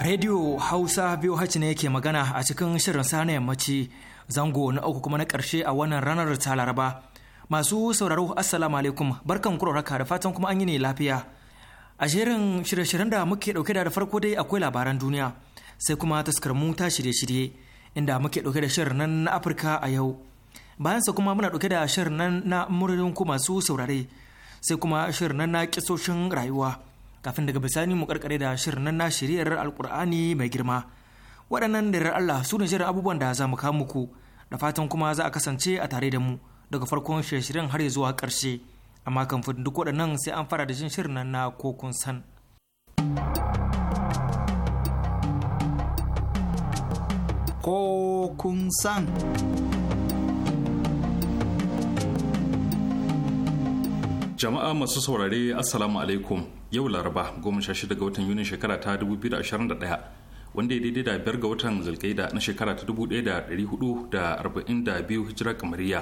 Radio Hausa biyu VOH ne yake magana a cikin shirin sa na yammaci zango na uku kuma na karshe a wannan ranar ta Laraba. Masu sauraro Assalamu alaikum barkan raka da fatan kuma an yi ne lafiya. A shirin shirye-shiryen da muke dauke da farko dai akwai labaran duniya sai kuma taskar mu ta shirye-shirye inda muke dauke da shirin nan na Afirka a yau. Bayansa kuma muna dauke da shirin nan na muryoyin ku masu saurare sai kuma shirin nan na kisoshin rayuwa. kafin daga bisani mu karkare da shirin nan na shiriyar alkur'ani mai girma waɗannan da Allah su ne shirin abubuwan da za mu kawo muku da fatan kuma za a kasance a tare da mu daga farkon shirin har zuwa ƙarshe amma kan fi duk waɗannan sai an fara da jin shirin nan na kokun san. Kokun san. Jama'a masu saurare Assalamu alaikum yau laraba 16 ga watan yunin shekara ta 2021 wanda ya daidai da biyar ga watan zulkaida na shekara ta 1442 hijira kamariya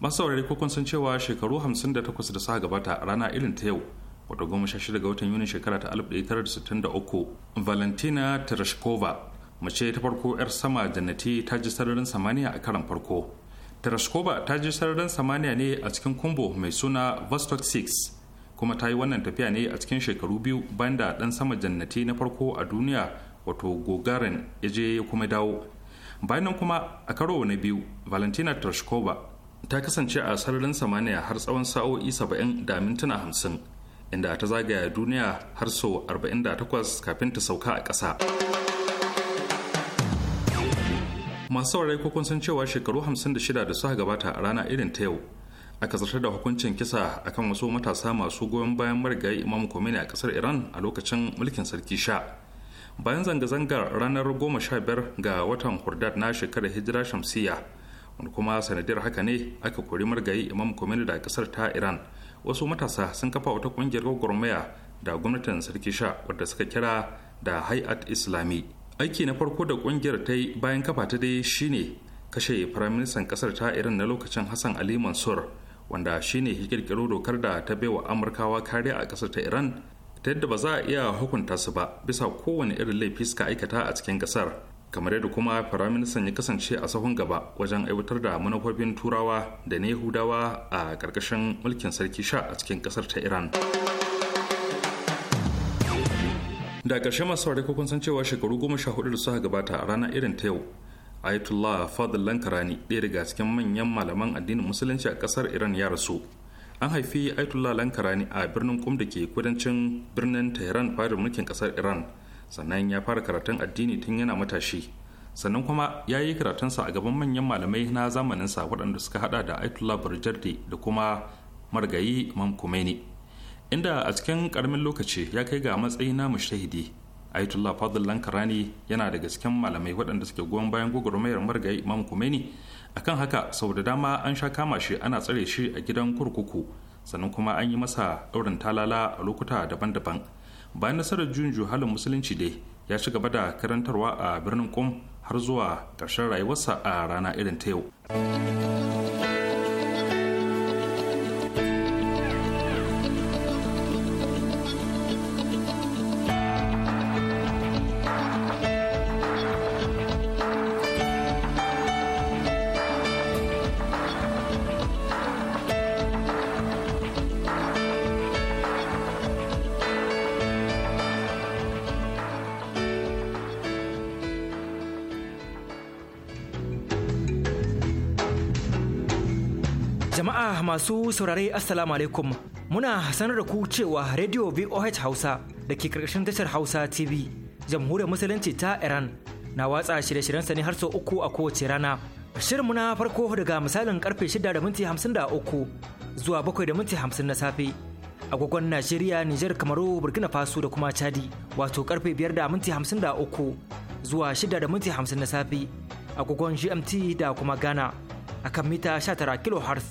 masu saurari kokon sun cewa shekaru 58 da sa gabata rana irin ta yau wata 16 ga watan yunin shekara ta 1963 valentina tereshkova mace ta farko 'yar sama jannati ta ji sararin samaniya a karan farko tereshkova ta ji sararin samaniya ne a cikin kumbo mai suna vostok 6 kuma ta yi wannan tafiya ne a cikin shekaru biyu bayan da ɗan sama jannati na farko a duniya wato gogarin ya je ya kuma dawo bayan nan kuma a karo na biyu valentina tershkova ta kasance a sararin samaniya har tsawon sa'o'i 70 da mintuna 50 inda ta zagaya duniya har sau 48 kafin ta sauka a ƙasa. masu saurari ko kun san cewa shekaru 56 da suka gabata a rana irin ta yau aka zartar da hukuncin kisa akan wasu matasa masu goyon bayan marigayi imam Khomeini a kasar iran a lokacin mulkin sarki sha bayan zanga-zangar ranar goma sha biyar ga watan hurdat na shekarar hijira shamsiya wanda kuma sanadiyar haka ne aka kori marigayi imam Khomeini da kasar ta iran wasu matasa sun kafa wata kungiyar gwagwarmaya da gwamnatin sarki sha wadda suka kira da hayat islami aiki na farko da kungiyar ta yi bayan kafa ta dai shine kashe firaministan kasar ta iran na lokacin hassan ali mansur wanda shine ya kirkiro dokar da ta baiwa amurkawa kariya a kasar ta iran ta yadda ba za a iya hukunta su ba bisa kowane irin laifi suka aikata a cikin kasar kamar yadda kuma firaministan ya kasance a sahun gaba wajen aiwatar da manufofin turawa da na yahudawa a ƙarƙashin mulkin sarki sha a cikin kasar ta iran da ƙarshe masu saurari kun san cewa shekaru goma sha hudu da suka gabata a ranar irin ta yau ayatollah fadl lankarani ɗaya daga cikin manyan malaman addinin musulunci a ƙasar iran ya rasu an haifi ayatollah lankarani a birnin kum da ke kudancin birnin tehran fadar mulkin ƙasar iran sannan ya fara karatun addini tun yana matashi sannan kuma ya yi karatunsa a gaban manyan malamai na zamaninsa waɗanda suka haɗa da Ayatollah Burjardi da kuma margayi Imam Khomeini inda a cikin ƙaramin lokaci ya kai ga matsayi na mushtahidi ayatollah fadl karani yana daga cikin malamai waɗanda suke goyon bayan gwagwarmayar marigayi imam Khomeini akan haka sau da dama an sha kama shi ana tsare shi a gidan kurkuku sannan kuma an yi masa ɗaurin talala a lokuta daban-daban bayan nasarar juyin halin musulunci dai ya ci gaba da karantarwa a birnin kum har zuwa ƙarshen rayuwarsa a rana irin ta yau masu saurare assalamu alaikum muna sanar da ku cewa radio voh hausa da ke karkashin tashar hausa tv jamhuriyar musulunci ta iran na watsa shirye-shiryensa ne har sau uku a kowace rana shirin muna farko daga misalin karfe shida zuwa bakwai na safe agogon najeriya nijar kamaru burkina faso da kuma chadi wato karfe biyar da minti zuwa shida na safe agogon gmt da kuma ghana akan mita 19 kilohertz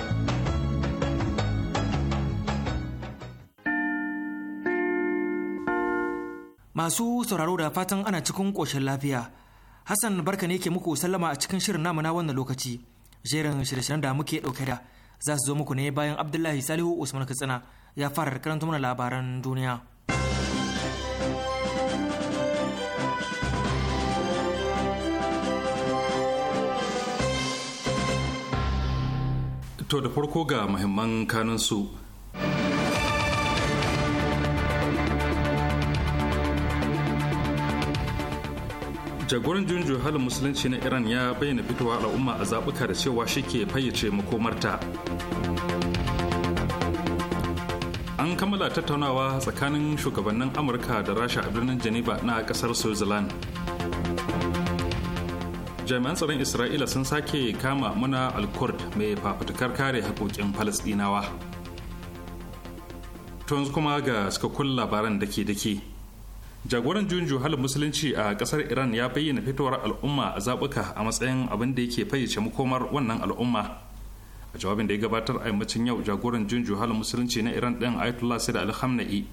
Masu sauraro da fatan ana cikin koshin lafiya. Hassan barka ne ke muku sallama a cikin shirin namuna na wannan lokaci. Jerin shirye-shiryen da muke ɗauke da za su zo muku ne bayan Abdullahi Salihu Usman Katsina ya fara karanta mana labaran duniya. To da farko ga muhimman kanunsu jagoran junjo halin musulunci na iran ya bayyana fitowa al'umma a zaɓuka da cewa shi ke fayyace makomarta an kammala tattaunawa tsakanin shugabannin amurka da rasha a birnin geneva na ƙasar switzerland jami'an tsaron isra'ila sun sake kama muna alkurd mai fafutukar kare haƙoƙin falasɗinawa Tun kuma ga cikakkun labaran dake-dake jagoran junjo halin musulunci a kasar iran ya bayyana fitowar al'umma a zabuka a matsayin abin da yake fayyace makomar wannan al'umma a jawabin da ya gabatar a yammacin yau jagoran junjo halin musulunci na iran din ayatollah da alhamnai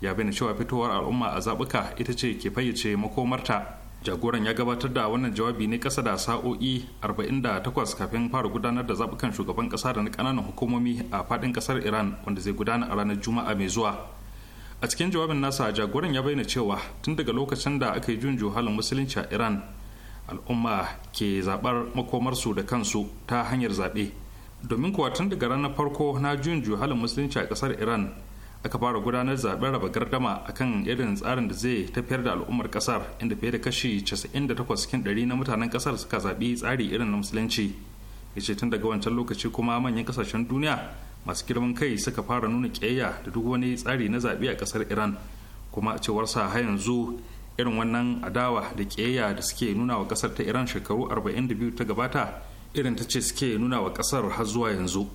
ya bayyana cewa fitowar al'umma a zabuka ita ce ke fayyace makomarta jagoran ya gabatar da wannan jawabi ne kasa da sa'o'i 48 kafin fara gudanar da zabukan shugaban kasa da na kananan hukumomi a fadin kasar iran wanda zai gudana a ranar juma'a mai zuwa a cikin jawabin nasa jagoran ya bayyana cewa tun daga lokacin da aka yi jun juhalin musulunci a iran al'umma ke zabar makomarsu da kansu ta hanyar zaɓe domin kuwa tun daga ranar farko na jun juhalin musulunci a ƙasar iran aka fara gudanar zaɓen raba gardama akan irin tsarin da zai tafiyar da al'ummar kasar inda fiye da kashi 98 cikin 100 na mutanen kasar suka zaɓi tsari irin na musulunci ya ce tun daga wancan lokaci kuma manyan kasashen duniya masu girman kai suka fara nuna ƙiyayya da duk wani tsari na zaɓe a ƙasar iran kuma a cewar sa har yanzu irin wannan adawa da ƙiyayya da suke nuna wa ƙasar ta iran shekaru 42 ta gabata irin ta ce suke nuna wa ƙasar har zuwa yanzu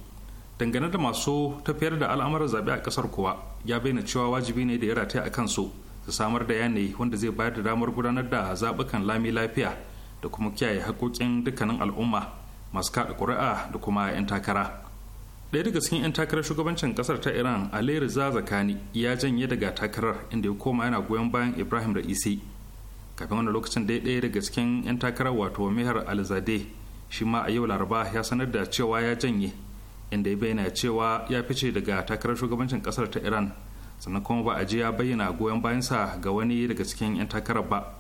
dangane da masu tafiyar da al'amuran zaɓe a ƙasar kuwa ya bayyana cewa wajibi ne da ya rataya a kansu su samar da yanayi wanda zai bayar da damar gudanar da zaɓukan lami lafiya da kuma kiyaye haƙoƙin dukkanin al'umma masu kaɗa ƙuri'a da kuma 'yan takara ɗaya daga cikin 'yan takarar shugabancin kasar ta iran ali riza zakani ya janye daga takarar inda ya koma yana goyon bayan ibrahim ra'isi kafin wani lokacin da ɗaya daga cikin 'yan takarar wato mihar alzade shi ma a yau laraba ya sanar da cewa ya janye inda ya bayyana cewa ya fice daga takarar shugabancin kasar ta iran sannan kuma ba a ji ya bayyana goyon bayansa ga wani daga cikin 'yan takarar ba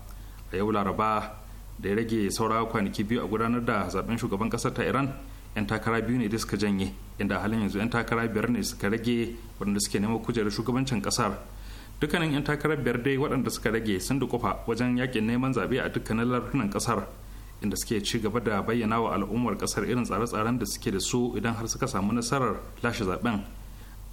a yau laraba da ya rage saura kwanaki biyu a gudanar da zaben shugaban kasar ta iran 'yan takara biyu ne da suka janye inda halin yanzu 'yan takara biyar ne suka rage waɗanda suke neman kujerar shugabancin ƙasar dukkanin 'yan takara biyar dai waɗanda suka rage sun dukufa wajen yakin neman zaɓe a dukkanin larunan ƙasar inda suke ci gaba da bayyana wa al'ummar ƙasar irin tsare-tsaren da suke da su idan har suka samu nasarar lashe zaɓen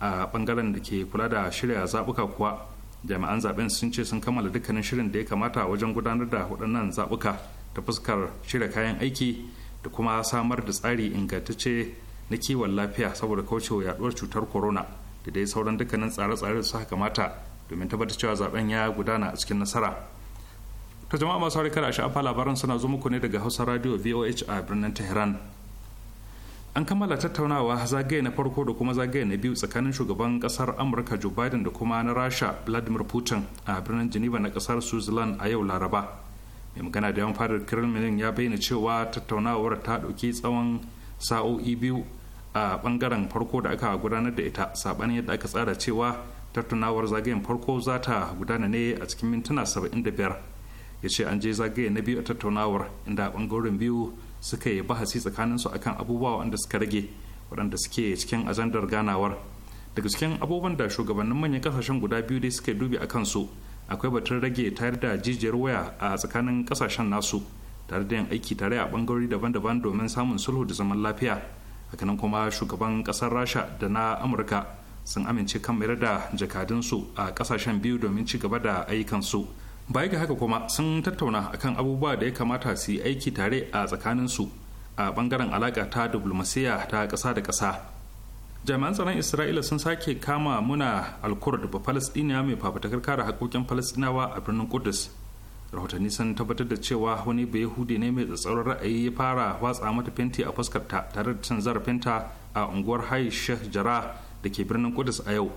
a ɓangaren da ke kula da shirya zaɓuka kuwa jami'an zaɓen sun ce sun kammala dukkanin shirin da ya kamata wajen gudanar da waɗannan zaɓuka ta fuskar shirya kayan aiki da kuma samar da tsari ingantacce na kiwon lafiya saboda kaucewa yaduwar cutar corona da dai sauran dukkanin tsare-tsare da suka kamata domin tabbatar cewa zaben ya gudana a cikin nasara ta jama'a masu kada a sha'afa labaran suna zo muku ne daga hausa radio voh a birnin tehran an kammala tattaunawa zagaye na farko da kuma zagaye na biyu tsakanin shugaban kasar amurka joe biden da kuma na rasha vladimir putin a birnin geneva na kasar switzerland a yau laraba mai magana da yawan fadar kremlin ya bayyana cewa tattaunawar ta ɗauki tsawon sa'o'i biyu a bangaren farko da aka gudanar da ita sabanin yadda aka tsara cewa tattunawar zagayen farko za ta gudana ne a cikin mintuna 75 ya ce an je zagaye na biyu a tattaunawar inda bangaren biyu suka yi bahasi tsakaninsu akan abubuwa wanda suka rage waɗanda suke cikin ajandar ganawar daga cikin abubuwan da shugabannin manyan kasashen guda biyu dai suka dubi a kansu akwai batun rage tare da jijiyar waya a tsakanin kasashen nasu tare da yin aiki tare a bangarori daban-daban domin samun sulhu da zaman lafiya nan kuma shugaban kasar rasha da na amurka sun amince kan mayar da jakadunsu a kasashen biyu domin ci gaba da ayyukansu baya ga haka kuma sun tattauna akan abubuwa da ya kamata su yi aiki tare a tsakaninsu a bangaren alaka ta diplomasiya ta kasa da kasa jami'an tsaron isra'ila sun sake kama muna alkur da palestiniya mai fafatakar kare haƙoƙin palestinawa a birnin kudus rahotanni sun tabbatar da cewa wani hude ne mai tsatsauran ra'ayi ya fara watsa mata fenti a fuskarta tare da cin zarafinta a unguwar hai sheikh jara da ke birnin kudus a yau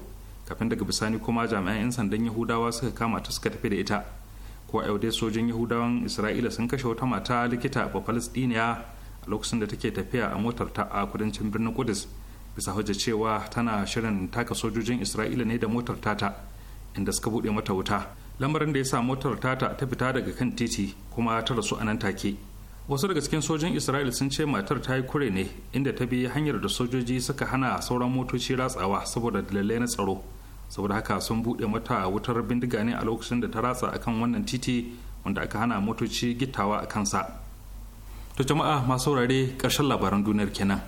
kafin daga bisani kuma jami'an 'yan sandan yahudawa suka kama ta suka tafi da ita ko a yau dai sojin yahudawan isra'ila sun kashe wata mata likita ba falastiniya a lokacin da take tafiya a motar ta a kudancin birnin kudus bisa hujja cewa tana shirin taka sojojin isra'ila ne da motar tata inda suka buɗe mata wuta lamarin da ya sa motar tata ta fita daga kan titi kuma ta rasu a nan take wasu daga cikin sojin isra'il sun ce matar ta yi kure ne inda ta bi hanyar da sojoji suka hana sauran motoci ratsawa saboda dalilai na tsaro saboda haka sun buɗe mata wutar bindiga ne a lokacin da ta ratsa akan wannan titi wanda aka hana motoci gittawa a kansa to jama'a masu saurare ƙarshen labaran duniyar kenan.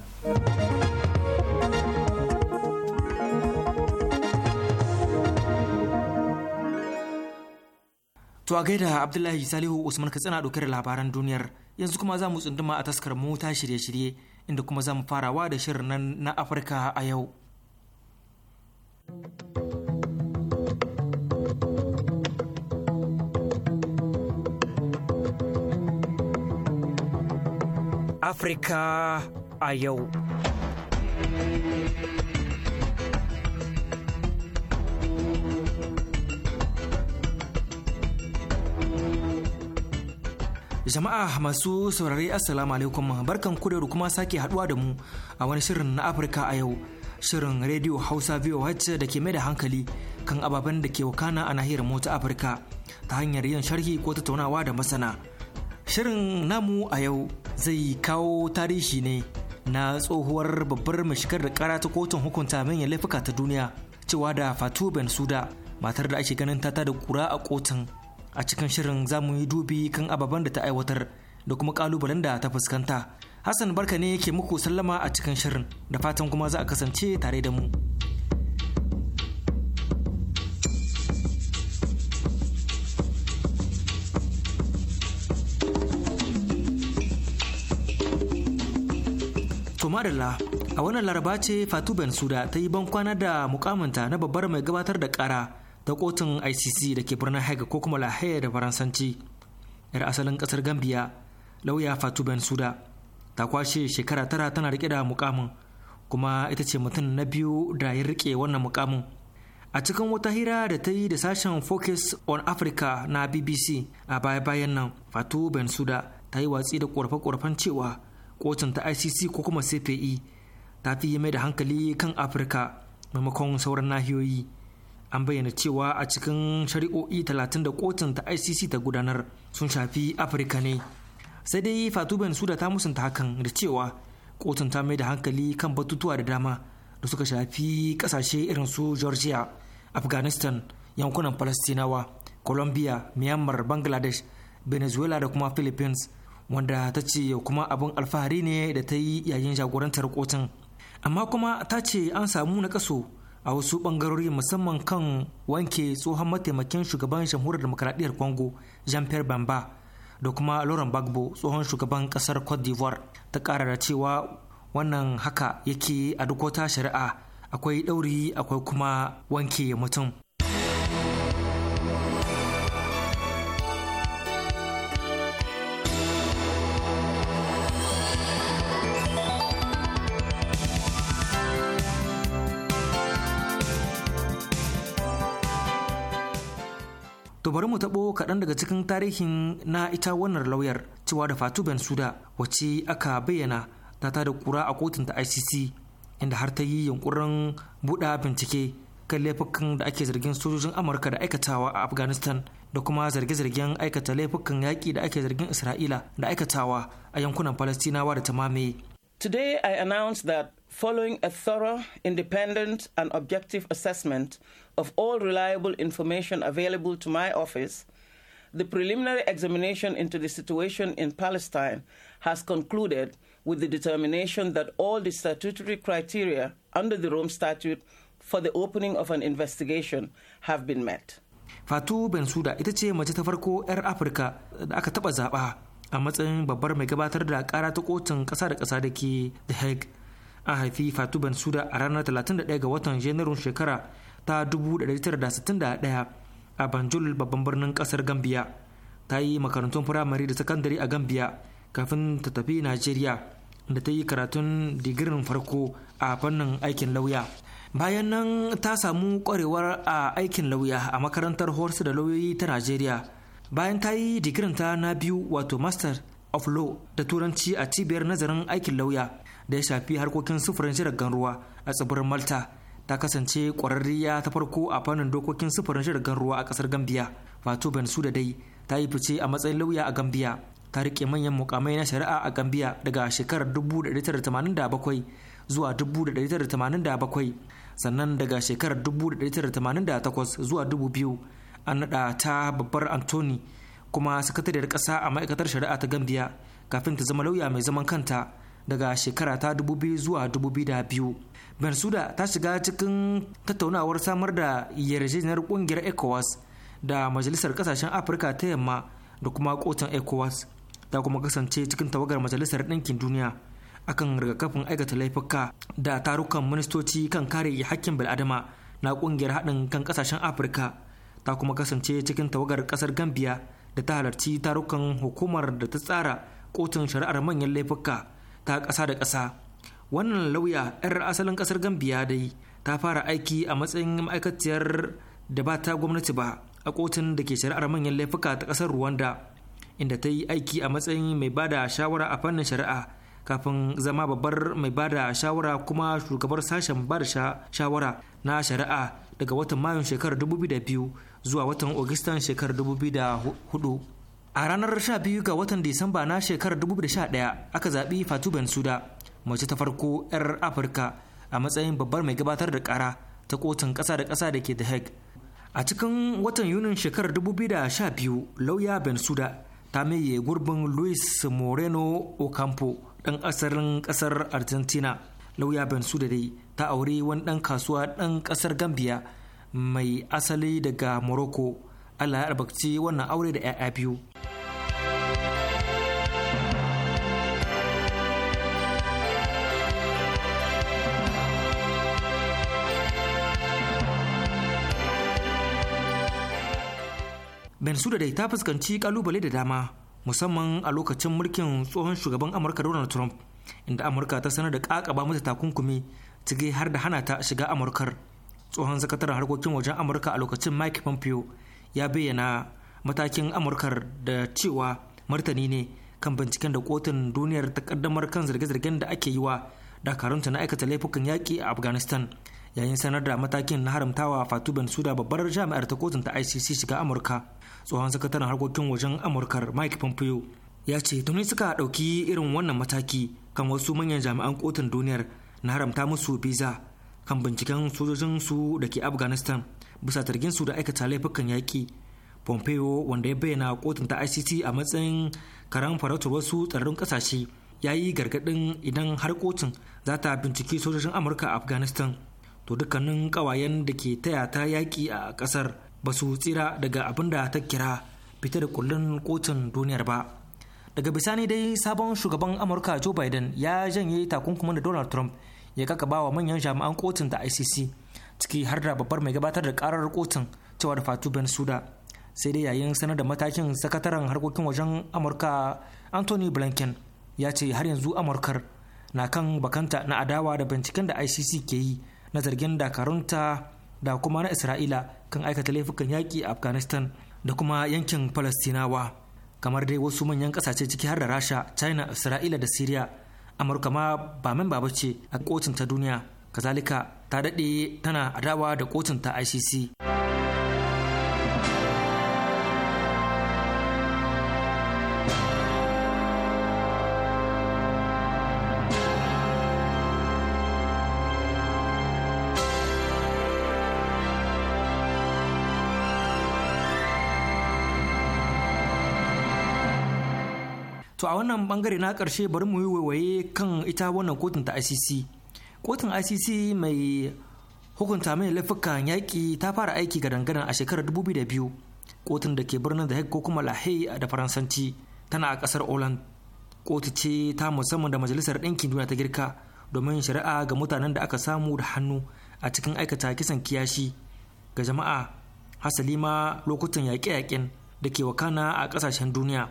To a gaida Abdullahi Salihu Usman Katsina ɗauke da labaran duniyar yanzu kuma za mu tsunduma a taskar mota shirye-shirye inda kuma za mu farawa da shirin nan na Afirka a yau. Afirka a yau. Jama'a masu saurare Assalamu alaikum barkan ku da kuma sake haduwa da mu a wani shirin na Afirka a yau. Shirin Radio Hausa VOH da ke mai da hankali kan ababen da ke wakana a nahiyar mota ta Afirka ta hanyar yin sharhi ko tattaunawa da masana. Shirin namu a yau zai kawo tarihi ne na tsohuwar babbar mai shigar da kara ta kotun hukunta manyan laifuka ta duniya cewa da Fatu Ben Suda matar da ake ganin ta da kura a kotun a cikin shirin za mu yi dubi kan ababen da ta aiwatar da kuma kalubalen da ta fuskanta hassan barka ne yake muku sallama a cikin shirin da fatan kuma za a kasance tare da mu madalla a wannan laraba ce fatu bensuda ta yi bankwana da mukamanta na babbar mai gabatar da kara ta kotun icc da ke birnin hague ko kuma lahaya da faransanci yar asalin kasar gambia lauya fatu bensuda ta kwashe shekara tara tana rike da mukamin kuma ita ce mutum na biyu da ya rike wannan mukamin a cikin wata hira da ta yi da sashen focus on africa na bbc a baya-bayan nan fatu bensuda ta yi watsi da korafe-korafen cewa kotun ta icc ko kuma cpe ta fi mai da hankali kan afirka maimakon sauran nahiyoyi an bayyana cewa a cikin shari'o'i 30 da kotun ta icc ta gudanar sun shafi afirka ne sai dai fatu suda ta musanta hakan da cewa kotun ta mai da hankali kan batutuwa da dama da suka shafi kasashe irin su georgia afghanistan yankunan palestinawa colombia myanmar bangladesh venezuela da kuma philippines wanda ta ce kuma abin alfahari ne da ta yi yayin jagorantar kotun amma kuma ta ce an samu na kaso a wasu bangarori musamman kan wanke tsohon mataimakin shugaban jamhuriyar demokradiyyar congo jean pierre bamba da kuma lauren bagbo tsohon shugaban kasar cote d'ivoire ta kara da cewa wannan haka yake a duk wata shari'a akwai ɗauri akwai kuma wanke mutum To bari mu taɓo kaɗan daga cikin tarihin na ita wannan lauyar cewa da Fatu suda wacce aka bayyana ta da kura a kotun ta ICC inda har ta yi yunkurin buɗa bincike kan laifukan da ake zargin sojojin Amurka da aikatawa a Afghanistan da kuma zarge-zargen aikata laifukan yaƙi da ake zargin Isra'ila da aikatawa a yankunan Falastinawa da ta mamaye. Today I announce that following a thorough, independent and objective assessment of all reliable information available to my office, the preliminary examination into the situation in Palestine has concluded with the determination that all the statutory criteria under the Rome Statute for the opening of an investigation have been met. Fatu Bensuda ita ce mace ta farko 'yar Afirka da aka taɓa zaɓa a matsayin babbar mai gabatar da ƙara ta kotun ƙasa da ƙasa da ke The Hague. An haifi Fatu Bensuda a ranar 31 ga watan Janairun shekara ta 1961 a banjul babban birnin kasar gambia ta yi makarantun firamare da sakandare a gambia kafin ta tafi najeriya da ta yi karatun digirin farko a fannin aikin lauya bayan nan ta samu kwarewar a aikin lauya a makarantar horse da lauyoyi ta najeriya bayan ta yi ta na biyu wato master of law da turanci a cibiyar nazarin aikin lauya da ya shafi harkokin sufurin jiragen ruwa a tsibirin malta ta kasance ƙwararriya ta farko a fannin dokokin sufurin shirgan ruwa a ƙasar gambia wato da dai ta yi fice a matsayin lauya a gambia ta riƙe manyan mukamai na shari'a a gambia daga shekarar 1987 zuwa 1987 sannan daga shekarar 1988 zuwa 2000 an naɗa ta babbar antoni kuma sakatariyar ƙasa a ma'aikatar shari'a ta gambia kafin ta zama lauya mai zaman kanta daga shekara ta 2000 zuwa 2002 Bensuda ta shiga cikin tattaunawar samar da yarjejeniyar kungiyar ECOWAS da Majalisar Kasashen Afirka ta Yamma da kuma kotun ECOWAS ta kuma kasance cikin tawagar Majalisar Ɗinkin Duniya akan rigakafin aikata laifuka da tarukan ministoci kan kare hakkin bil'adama na kungiyar haɗin kan kasashen Afirka ta kuma kasance cikin tawagar ƙasar Gambia da ta halarci tarukan hukumar da ta tsara kotun shari'ar manyan laifuka ta ƙasa da ƙasa. wannan lauya 'yar asalin kasar gambiya dai ta fara aiki a matsayin ma'aikaciyar da ba ta gwamnati ba a kotun da ke shari'ar manyan laifuka ta kasar rwanda inda ta yi aiki a matsayin mai ba da shawara a fannin shari'a kafin zama babbar mai ba da shawara kuma shugabar sashen ba da shawara na shari'a daga watan mayun shekarar 2002 zuwa watan ogistan shekarar 2004 a ranar 12 ga watan disamba na shekarar 2011 aka zaɓi fatu bensuda mace ta farko 'yar afirka a matsayin babbar mai gabatar da kara ta kotun ƙasa da ƙasa da ke da hague a cikin watan yunin shekarar 2012 lauya bensuda ta maye gurbin luis moreno ocampo ɗan asarin ƙasar argentina lauya bensuda dai ta aure wani ɗan kasuwa ɗan ƙasar gambia mai asali daga morocco allah ya albarkaci wannan aure da 'ya'ya biyu bensuda dai ta fuskanci kalubale da dama musamman a lokacin mulkin tsohon shugaban amurka donald trump inda amurka ta sanar da kakaba mata takunkumi cike har da hana ta shiga amurkar tsohon sakataren harkokin wajen amurka a lokacin mike pompeo ya bayyana matakin amurkar da cewa martani ne kan binciken da kotun duniyar ta kaddamar kan zirge-zirgen da ake yi wa dakarunta na aikata laifukan yaƙi a afghanistan yayin sanar da matakin na haramtawa fatu bensuda babbar jami'ar ta kotun ta icc shiga amurka tsohon sakataren harkokin wajen amurkar mike pompeo ya ce tuni suka ɗauki irin wannan mataki kan wasu manyan jami'an kotun duniyar na haramta musu biza kan binciken sojojin su da ke afghanistan bisa zargin su da aikata laifukan yaƙi pompeo wanda ya bayyana kotun ta icc a matsayin karan farautar wasu tsararrun ƙasashe ya yi gargaɗin idan har kotun za ta binciki sojojin amurka a afghanistan to dukkanin ƙawayen da ke taya ta yaƙi a ƙasar ba su tsira daga abin da ta kira fita da kullun kotun duniyar ba daga bisani dai sabon shugaban amurka joe biden ya janye takunkumin da donald trump ya kakaba wa manyan jami'an kotun da icc ciki har da babbar mai gabatar da karar kotun cewa da fatu ben suda sai dai yayin sanar da matakin sakataren harkokin wajen amurka anthony blinken ya ce har yanzu amurkar na kan bakanta na adawa da binciken da icc ke yi na zargin dakarunta da kuma na isra'ila kan aikata laifukan yaƙi a afghanistan da kuma yankin palestinawa kamar dai wasu manyan ƙasashe ciki har da rasha china isra'ila da syria amurka ma ba mamba ba ce a kocin ta duniya kazalika ta daɗe tana adawa da kocin ta icc to a wannan bangare na karshe bari mu yi waiwaye kan ita wannan kotun ta ICC kotun ICC mai hukunta mai laifukan yaƙi ta fara aiki ga dangana a shekarar 2002 kotun da ke birnin da ko kuma lahe da faransanci tana a kasar Holland kotu ce ta musamman da majalisar ɗinkin duniya ta girka domin shari'a ga mutanen da aka samu da hannu a cikin aikata kisan kiyashi ga jama'a hasali ma lokutan yaƙe-yaƙen da ke wakana a ƙasashen duniya.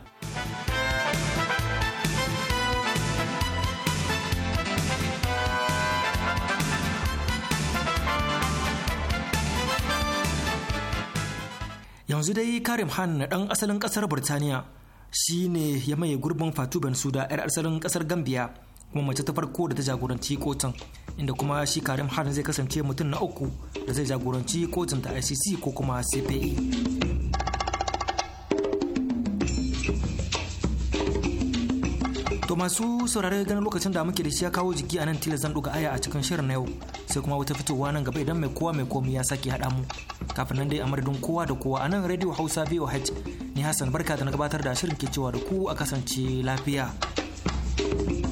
yanzu dai karim han na dan asalin kasar burtaniya shi ne ya maye gurbin fatu bensuda 'yar asalin kasar gambia kuma mace ta farko da ta jagoranci kotun inda kuma shi karim han zai kasance mutum na uku da zai jagoranci kotun ta icc ko kuma cpe masu saurare ganin lokacin da muke da shi ya kawo jiki a nan tilas zan ɗuga aya a cikin shirin na yau sai kuma wata fitowa nan gaba idan mai kowa mai komi ya sake haɗa mu kafin nan dai a madadin kowa da kowa a nan radio hausa voh ni hassan barka da na gabatar da shirin ke cewa da ku a kasance lafiya. thank you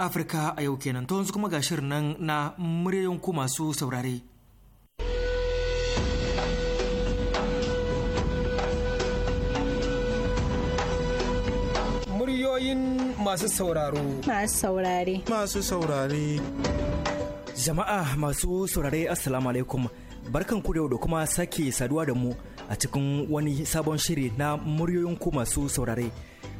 Afirka a yau kenan to yanzu kuma ga shirin nan na muryoyin ku masu saurare. Muryoyin masu sauraro. Masu saurare. Masu saurare. Jama'a masu saurare Assalamu alaikum. Barkan ku da kuma sake saduwa da mu a cikin wani sabon shiri na muryoyin ku masu saurare.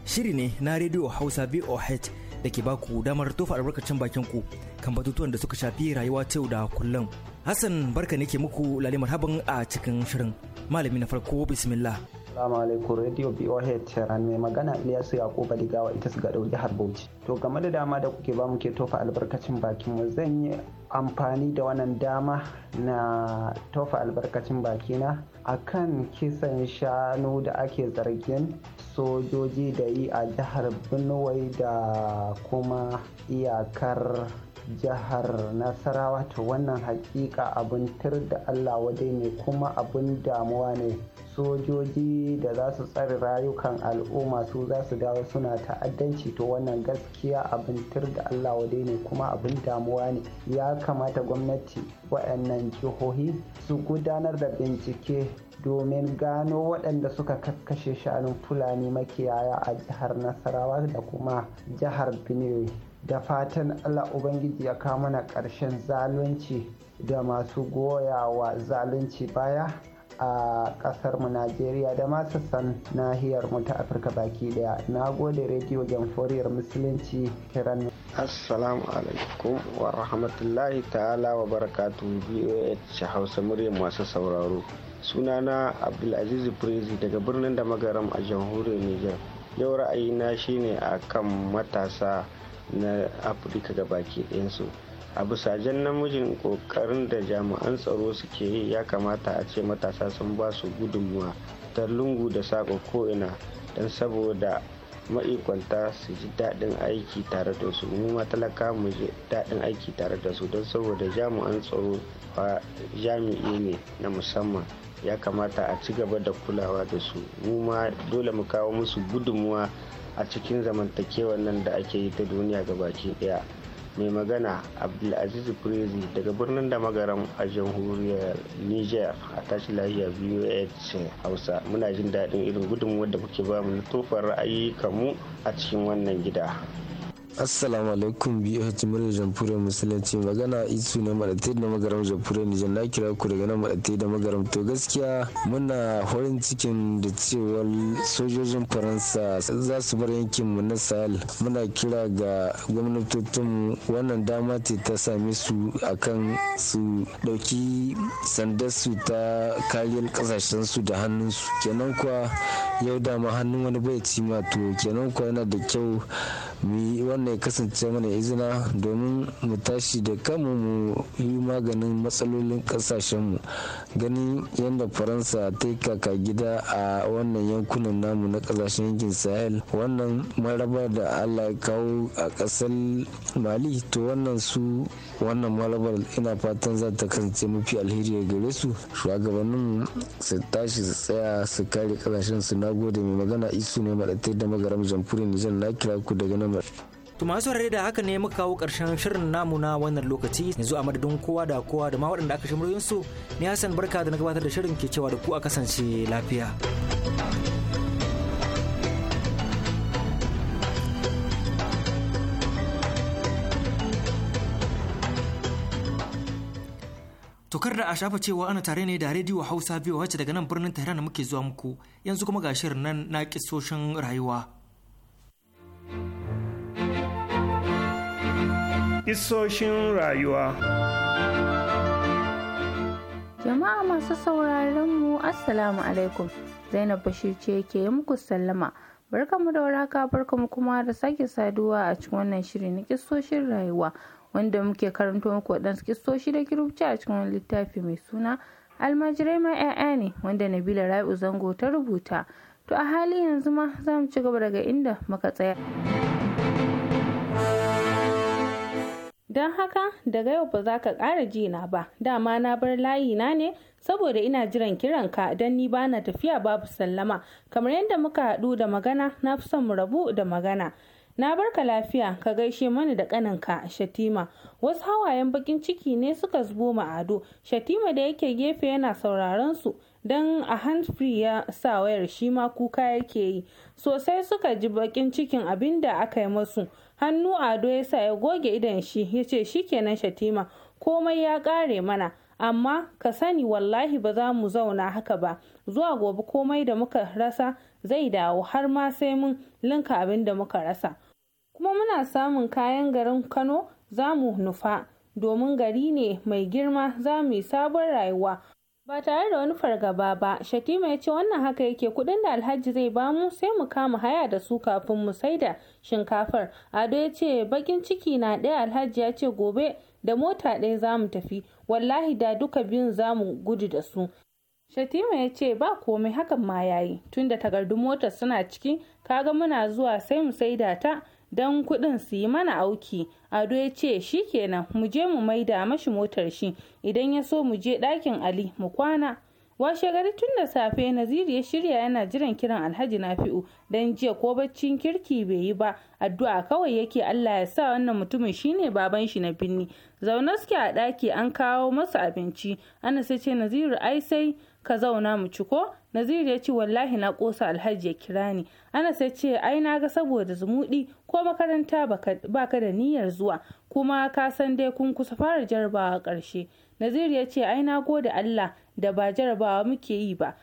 Shiri ne na Radio Hausa VOH da ke baku damar tofa albarkacin bakin ku kan batutuwan da suka shafi rayuwa ta da kullum. Hassan barka ne ke muku lalimar habin a cikin shirin. Malami na farko bismillah. Assalamu alaikum Radio BOH Tehran mai magana Ilyasu Yakuba Ligawa ita su gado jihar Bauchi. To game da dama da kuke mu ke tofa albarkacin bakin mu zan yi amfani da wannan dama na tofa albarkacin bakina akan kisan shanu da ake zargin sojoji da yi a jihar binuwai da kuma iyakar jihar nasarawa ta wannan hakika abin tir da allah wadai ne kuma abin damuwa ne sojoji da za su tsare rayukan al'umma su za su dawo suna ta'addanci to wannan gaskiya abin tur da allah wadai ne kuma abin damuwa ne ya kamata gwamnati waɗannan jihohi su gudanar da bincike domin gano waɗanda suka kakkashe shanun fulani makiyaya a jihar nasarawa da kuma jihar benue da fatan allah ubangiji ya kawo mana ƙarshen zalunci da masu goyawa zalunci baya a kasar mu Najeriya da ma sassan nahiyar mu ta Afirka baki daya. Na gode Radio Jamforiyar Musulunci kiran. Assalamu alaikum wa rahmatullahi ta'ala wa barakatuhu BOH Hausa murya masu sauraro. Sunana Abdulaziz Prezi daga birnin da magaram a jamhuriyar Nijar. Yau ra'ayina shine akan matasa na Afirka gabaki ɗayansu. su. a bisa jan namijin kokarin da jami'an tsaro suke yi ya kamata a ce matasa sun ba su gudunmuwa ta lungu da sako ko'ina don saboda ma'ikwanta su ji daɗin aiki tare da su mu matalaka mu ji daɗin aiki tare da su don saboda jami'an tsaro ba jami'i ne na musamman ya kamata a ci gaba da kulawa da su mu ma dole mu kawo musu gudunmuwa a cikin zamantakewa nan da ake yi ta duniya ga baki ɗaya mai magana abdulaziz prezi daga birnin da magaran a jamhuriyar niger a tashi lahiya voh hausa muna jin daɗin irin gudunmu da kuke bamu na tofar ra'ayi kamu a cikin wannan gida assalamu alaikum biyu hajji murar jamfura musulunci magana isu ne maɗatai da magaram jamfura nijar na kira ku daga nan maɗatai da magaram to gaskiya muna horin cikin da cewa sojojin faransa za su bar yankin mu na sahel muna kira ga gwamnatocin wannan dama ce ta sami su akan su ɗauki sandar su ta kariyar ƙasashen su da hannunsu su kenan kuwa yau da ma hannun wani bai ci ma tuwo kenan ko yana da kyau mu yi wannan ya kasance mana izina domin mu tashi da kanmu mu yi maganin matsalolin kasashenmu ganin yadda faransa ta yi kaka gida a wannan yankunan namu na kasashen yankin sahel wannan maraba da allah ya kawo a kasar mali to wannan su wannan marabar ina fatan za ta kasance mafi alheri gare su shugabanninmu su tashi su tsaya su kare kasashen su na na gode mai magana isu ne maɗatai da magaram ne zan na kira ku daga nan To masu rarre da haka ne muka kawo ƙarshen shirin namu na wannan lokaci yanzu a madadin kowa da kowa da ma waɗanda aka shi su ne Hassan barka da na gabatar da shirin ke cewa da ku a kasance lafiya. Tokar da a shafa cewa ana tare ne da rediyo Hausa biyu wacce daga nan birnin Tehran muke zuwa muku yanzu kuma ga shirin nan na kisoshin rayuwa. Kisoshin rayuwa Jama'a masu sauraron mu Assalamu alaikum Zainab Bashir ce ke muku sallama. Barkamu da waraka barkamu kuma da sake saduwa a cikin wannan shiri na kisoshin rayuwa. wanda muke karanto muku waɗansu kistoshi da kirubci a cikin wani littafi mai suna almajirai ma 'ya'ya ne wanda nabila rai'u zango ta rubuta to a hali yanzu ma za mu ci gaba daga inda muka tsaya don haka daga yau ba za ka kara ji na ba dama na bar layi na ne saboda ina jiran kiran ka don ni bana tafiya babu sallama kamar yadda muka haɗu da magana na fi son mu rabu da magana na barka lafiya ka gaishe mani da kaninka shatima wasu hawayen bakin ciki ne suka zubo ma ado shatima da yake gefe yana sauraron su don a free ya sa wayar shi ma kuka yake yi sosai suka ji bakin cikin abin da aka yi masu hannu ado ya sa ya goge idan shi ya ce shikenan shatima komai ya kare mana amma ka sani wallahi ba za mu zauna haka ba zuwa gobe komai da muka rasa zai dawo har ma sai mun linka abin da muka rasa kuma muna samun kayan garin kano za mu nufa domin gari ne mai girma za mu yi sabon rayuwa ba tare da wani fargaba ba shatima ya ce wannan haka yake kudin da alhaji zai ba mu sai mu kama haya da su kafin mu saida shinkafar ado ya ce bakin ciki na ɗaya alhaji ya ce gobe da mota ɗaya za mu tafi wallahi da duka biyun za mu gudu da su shatima ya ce ba komai hakan ma yayi tunda takardun motar suna ciki ka ga muna zuwa sai mu saida ta don kuɗin su yi mana auki ado ya ce shi kenan mu je mu maida mashi motar shi idan ya so mu je ɗakin ali mu kwana washe gari tun da safe naziru ya shirya yana jiran kiran alhaji nafi'u don jiya ko baccin kirki bai yi ba addu'a kawai yake allah ya sa wannan mutumin shine baban shi na binni zaune suke a ɗaki an kawo masa abinci ana sai ce naziru ai sai ka zauna mu ci ko naziru ya ce wallahi na kosa alhaji ya kira ni anas ya ce ai na ga saboda zumuɗi ko makaranta baka da niyyar zuwa kuma ka san dai kun kusa fara jarabawa ƙarshe naziru ya ce ai na gode allah da ba jarabawa muke yi ba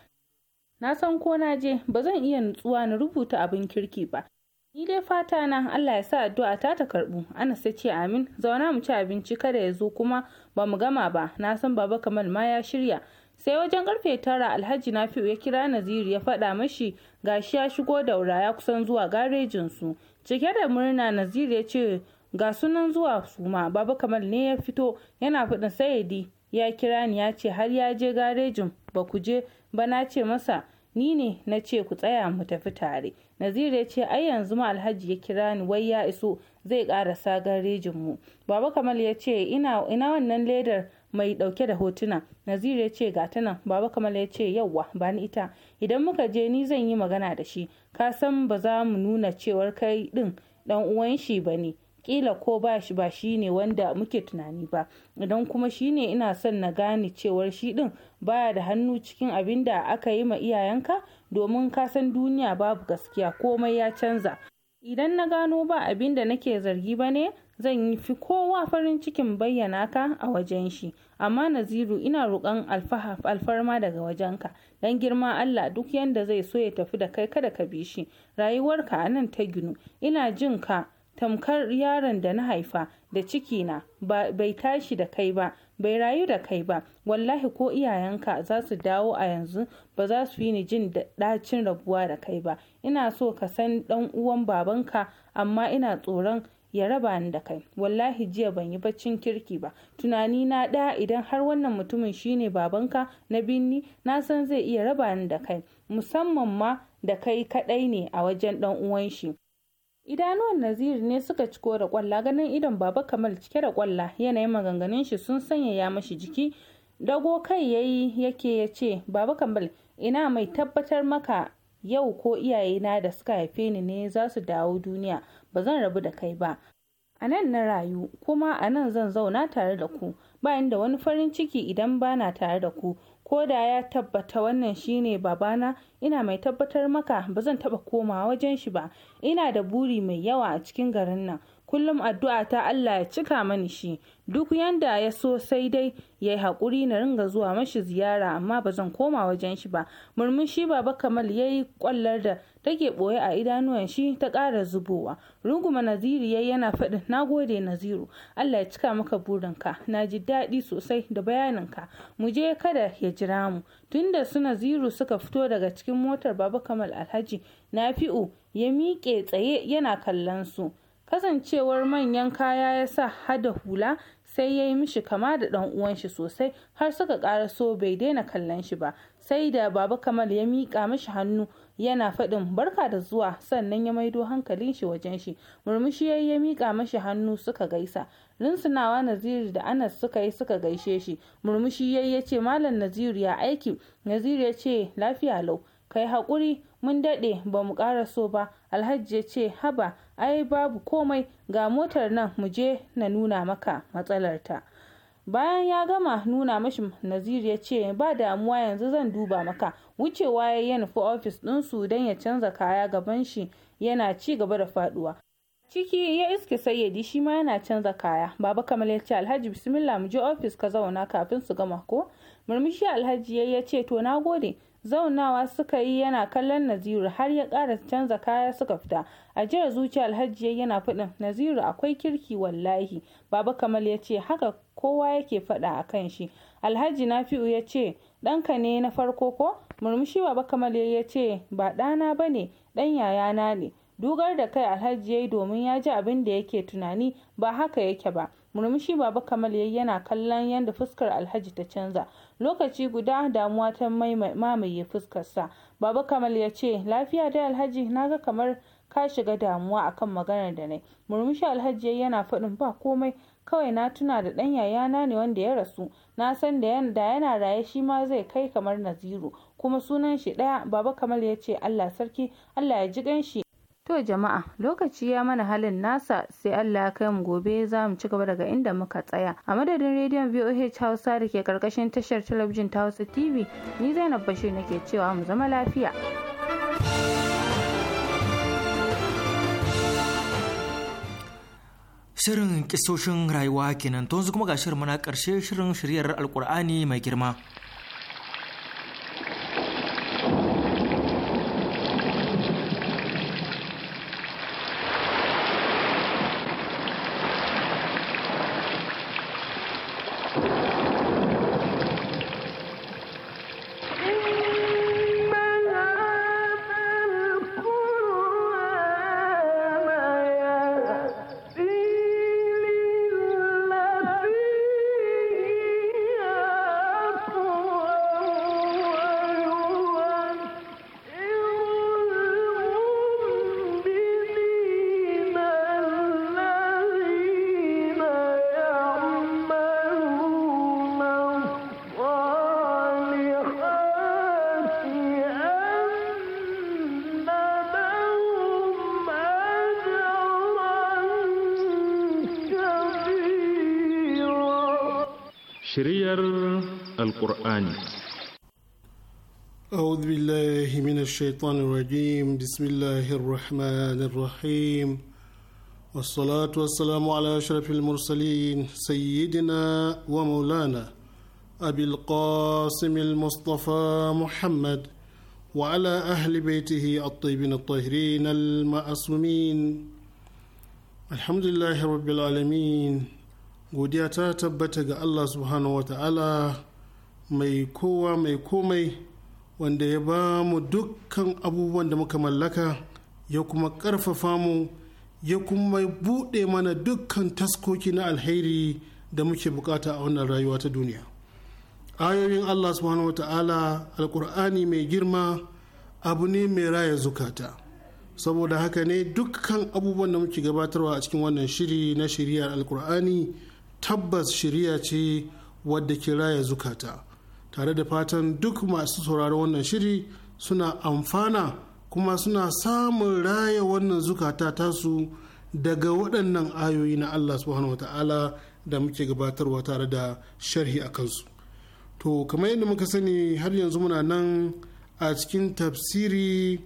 na san ko na je ba zan iya nutsuwa na rubuta abin kirki ba ni dai fata na Allah ya sa addu'a ta ta karbu Anas ya ce amin zauna mu ci abinci kada ya zo kuma ba mu gama ba na san baba Kamal ma ya shirya sai wajen karfe tara alhaji nafi'u ya kira naziru ya faɗa mashi gashi ya shigo da ya kusan zuwa garejin su cike da murna naziru ya ce ga sunan zuwa suma baba kamal ne ya fito yana faɗin sayidi ya kira ni ya ce har ya je garejin ba ku je ba na ce masa ni ne na ce ku tsaya mu tafi tare naziru ya ce ai yanzu ma alhaji ya kira ni wai ya iso zai ƙarasa garejin mu baba kamal ya ce ina wannan ledar mai dauke da hotuna naziru ya ce ga baba kamala ya ce yauwa ba ni ita idan muka je ni zan yi magana da shi ka san ba za mu nuna cewar kai din dan uwan shi ba ne kila ko ba shi ba shi ne wanda muke tunani ba idan kuma shi ne ina son na gane cewar shi din baya da hannu cikin abin da aka yi ma iyayenka domin ka san duniya babu gaskiya komai ya canza idan na gano ba abin da nake zargi ba ne zan yi fi kowa farin cikin bayyana ka a wajen shi amma naziru ina roƙon alfarma daga wajenka don girma allah duk yanda zai so ya tafi da kai kada ka bi shi rayuwarka a nan ta ginu ina jin ka tamkar yaron da na haifa da ciki na bai tashi da kai ba bai rayu da kai ba wallahi ko iyayenka za su dawo a yanzu ba za su yi ni jin dacin rabuwa da kai ba ina so ka san dan uwan babanka amma ina tsoron ya raba ni da kai wallahi jiya ban yi baccin kirki ba tunani na ɗaya idan har wannan mutumin shine babanka na binni na san zai iya raba ni da kai musamman ma da kai kaɗai ne a wajen ɗan uwan shi idanuwan naziri ne suka ciko da kwalla ganin idon baba kamal cike da kwalla yanayin maganganun shi sun ya mashi jiki dago kai yayi yake ya ce baba kamal ina mai tabbatar maka yau ko iyayena da suka haife ni ne za su dawo duniya ba zan rabu da kai ba a nan na rayu kuma a nan zan zauna tare da ku bayan da wani farin ciki idan bana tare da ku ko da ya tabbata wannan shine babana ina mai tabbatar maka ba zan taba komawa wajen shi ba ina da buri mai yawa a cikin garin nan kullum addu'a ta Allah ya cika mani shi duk yanda ya so sai dai ya yi haƙuri na ringa zuwa mashi ziyara amma ba zan koma wajen shi ba murmushi baba kamal ya yi kwallar da take ɓoye a idanuwan shi ta ƙara zubowa ruguma naziru ya yana faɗin na gode naziru allah ya cika maka burinka na ji daɗi sosai da bayaninka mu je kada ya jira mu tunda su naziru suka fito daga cikin motar baba kamal alhaji nafi'u ya miƙe tsaye yana kallon su kasancewar manyan kaya ya sa hada hula sai ya yi mishi kama da ɗan shi sosai har suka so bai daina kallon shi ba sai da baba kamal ya miƙa mishi hannu yana faɗin barka da zuwa sannan ya maido hankalin shi wajen shi murmushi ya ya miƙa mashi hannu suka gaisa rinsunawa naziru da anas suka yi suka gaishe shi murmushi ya ya ce malam naziru ya aiki naziru ya ce lafiya lau kai haƙuri mun daɗe ba mu ƙara so ba alhaji ya ce haba ai babu komai ga motar nan mu je na nuna maka matsalar ta bayan ya gama nuna mashi nazir ya ce ba damuwa yanzu zan duba maka wucewa ya yi nufi ofis ɗinsu don ya canza kaya gaban shi yana ci gaba da faduwa ciki ya iske sayyadi shi ma yana canza kaya baba kamal ya ce alhaji bismillah mu je ofis ka zauna kafin su gama ko murmushi alhaji ya ce to na gode zaunawa suka yi yana kallon naziru har ya ƙara canza kaya suka fita a zuciya alhaji yana faɗin naziru akwai kirki wallahi baba kamal ya ce haka kowa yake faɗa a kan shi alhaji nafi'u ya ce ɗanka ne na farko ko murmushi baba kamal ya ce ba ɗana ba ne ɗan yayana ne dugar da kai alhaji ya yi domin ya ji abin da yake tunani ba haka yake ba murmushi baba kamal yayi yana kallon yadda fuskar alhaji ta canza lokaci guda damuwa ta mamaye fuskarsa baba kamal ya ce lafiya dai alhaji naga kamar ka shiga damuwa akan maganar da nai murmushi alhaji yana faɗin ba komai kawai na tuna da ɗan yayana ne wanda ya rasu na san da yana, yana raye shi ma zai kai kamar naziru kuma sunan shi ɗaya baba kamal ya ce allah sarki allah ya ji ganshi To jama'a lokaci ya mana halin nasa sai Allah ya kai mu gobe za mu ci gaba daga inda muka tsaya. A madadin rediyon VOH Hausa da ke karkashin tashar talabijin ta Hausa TV ni Zainab Bashir nake cewa mu zama lafiya. Shirin kisoshin rayuwa kenan to yanzu kuma ga shirin mana karshe shirin shiryar Alkur'ani mai girma. الرحمن أعوذ بالله من الشيطان الرجيم بسم الله الرحمن الرحيم والصلاة والسلام على أشرف المرسلين سيدنا ومولانا أبي القاسم المصطفى محمد وعلى أهل بيته الطيبين الطاهرين المعصومين الحمد لله رب العالمين وديعتا ta الله سبحانه وتعالى mai kowa mai komai wanda ya ba mu dukkan abubuwan da muka mallaka ya kuma ƙarfafa mu ya kuma buɗe mana dukkan taskoki na alheri da muke bukata a wannan rayuwa ta duniya ayoyin allah subhanahu wata'ala alkur'ani mai girma abu ne mai raya zukata saboda haka ne dukkan abubuwan da muke gabatarwa a cikin wannan shiri na shiriyar alkur'ani tabbas shiriya ce wadda ke raya zukata tare da fatan duk masu sauraron wannan shiri suna amfana kuma suna samun raya wannan zukata tasu daga waɗannan ayoyi na Allah subhanahu wa ta'ala da muke gabatarwa tare da sharhi a kansu. To, kamar yadda muka sani har yanzu muna nan a cikin tafsiri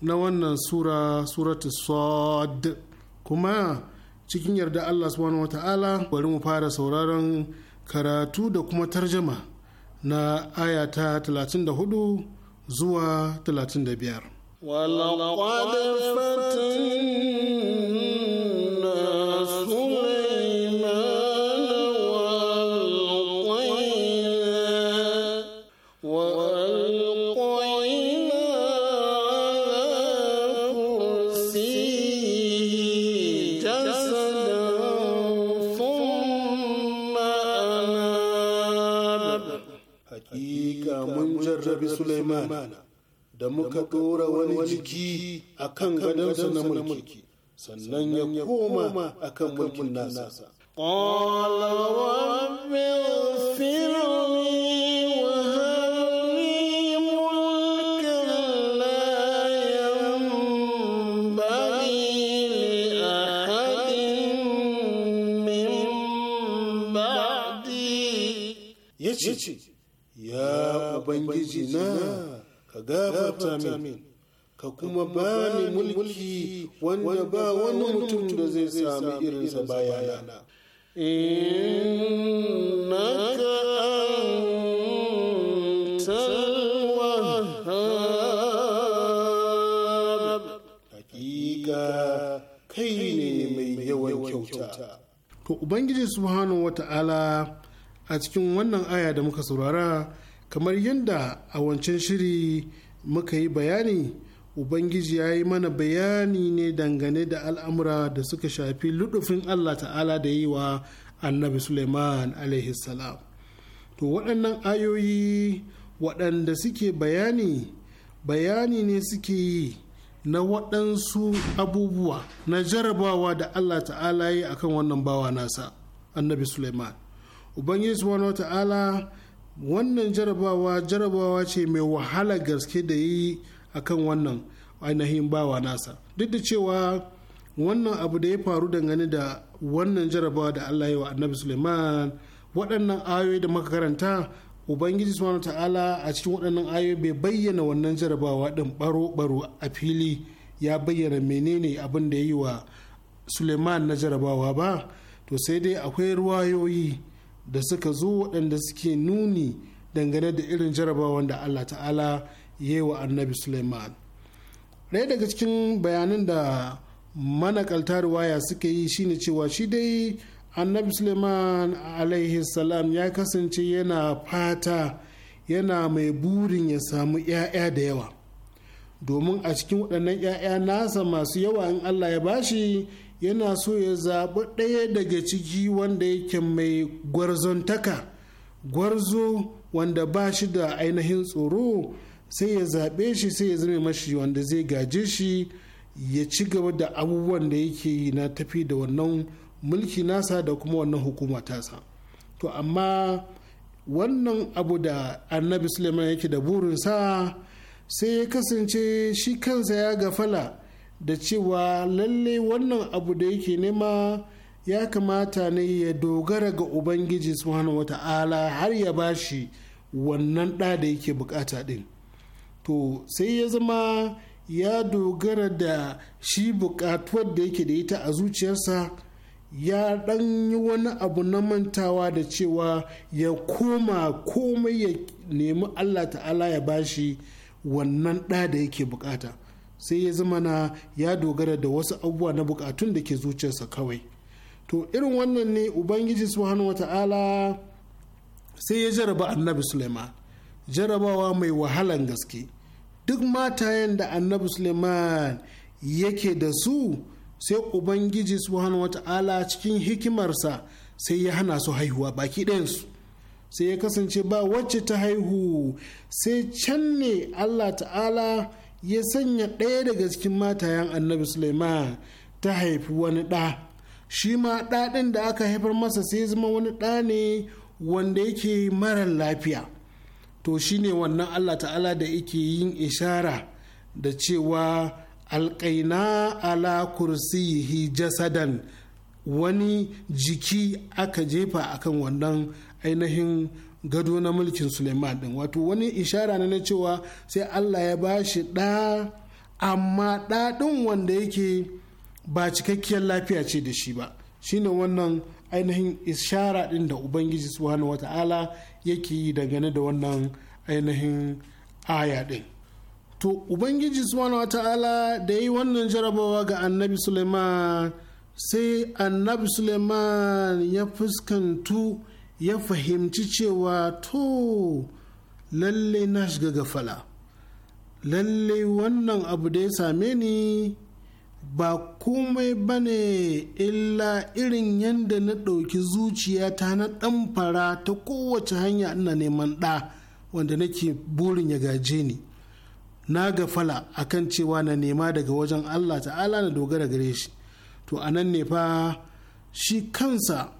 na wannan sura suratu sad kuma cikin yarda Allah subhanahu wa ta'ala bari mu fara sauraron karatu da kuma tarjama na aya ta 34 zuwa 35 ولقد فتنا hakika mun jarrabi Sulaiman da muka ɗora wani jiki a kan gadonsa na mulki sannan ya koma a kan mulkin nasa. قال mil ubangiji na ka gafarta min ka kuma ba ni mulki wanda ba wani mutum da zai sami irinsa bayana innaka antal ne mai yawan to ubangiji subhanahu ta’ala a cikin wannan aya da muka saurara kamar yadda a wancan shiri muka yi bayani ubangiji ya yi mana bayani ne dangane da al'amura da suka shafi ludufin allah ta'ala da yi wa annabi suleiman salam to waɗannan ayoyi waɗanda suke bayani bayani ne suke yi na waɗansu abubuwa na jarabawa da allah ta'ala yi akan wannan bawa nasa annabi suleiman ubangiji wa ta'ala wannan jarabawa jarabawa ce mai wahala gaske da yi akan wannan ainihin bawa nasa duk da cewa wannan abu da ya faru dangane da wannan jarabawa da Allah ya wa annabi Suleiman waɗannan ayoyi da muka karanta ubangiji subhanahu ta'ala a cikin waɗannan ayoyi bai bayyana wannan jarabawa din baro-baro a fili ya bayyana menene abin da ya yi wa Suleiman na jarabawa ba to sai dai akwai ruwayoyi da suka zo waɗanda suke nuni dangane da irin jarabawan da Allah ta'ala ya yi wa annabi Suleiman. ɗaya daga cikin bayanan da manakalta waya suka yi shine cewa shi dai annabi suleiman alaihi salam ya kasance yana fata yana mai burin ya samu 'ya'ya da yawa domin a cikin waɗannan 'ya'ya nasa masu yawa in allah ya bashi yana so ya zaɓi ɗaya daga ciki wanda yake mai gwarzontaka gwarzo wanda ba shi da ainihin tsoro sai ya zaɓe shi sai ya zama mashi wanda zai gaje shi ya ci gaba da abubuwan da yake yi na tafi da wannan mulki nasa da kuma wannan hukuma tasa to amma wannan abu da annabi suleiman yake da burinsa sai ya kasance shi kansa ya gafala da cewa lalle wannan abu da yake nema ya kamata ne ya dogara ga ubangiji subhanahu wata'ala har ya bashi wannan ɗa da yake bukata ɗin to sai ya zama ya dogara da shi bukatuwar da yake da ita a zuciyarsa ya ɗan yi wani abu na mantawa da cewa ya koma komai ya nemi allah ta'ala ya bashi wannan ɗa da yake bukata sai ya zama na ya dogara da wasu abubuwa na bukatun da ke zuciyarsa kawai to irin wannan ne ubangiji subhanahu wata'ala sai ya jaraba annabi suleiman jarabawa mai wahalan gaske duk matayen da annabi suleiman yake da su sai ubangiji subhanahu wata'ala cikin hikimarsa sai ya hana su haihuwa baki ɗayansu sai ya kasance ba wacce ta haihu sai can ne allah ta'ala ya sanya ɗaya daga cikin matayen annabi suleiman ta haifi wani ɗa shi ma ɗaɗin da aka haifar masa sai zama wani ɗa ne wanda yake marar lafiya to shi ne wannan allah ta'ala da yake yin ishara da cewa alƙaina ala kursiyihi jasadan wani jiki aka jefa akan wannan ainihin gado na mulkin suleiman din wato wani ishara ne na cewa sai allah ya ba shi ɗa amma ɗaɗin wanda yake ba cikakkiyar lafiya ce da shi ba shine wannan ainihin ishara ɗin da ubangiji subhanahu wata'ala yake yi dangane da wannan ainihin aya ɗin to ubangiji subhanahu wata'ala da yi wannan jarabawa ga annabi suleiman sai annabi suleiman ya fuskantu ya fahimci cewa to lalle na shiga gafala lalle wannan abu da ya same ni ba komai ba ne illa irin yadda na ɗauki zuciyata na ɗamfara ta kowace hanya ina neman ɗa wanda nake burin ya gaje ni na gafala akan cewa na nema daga wajen allah ta'ala na dogara gare shi to anan ne fa shi kansa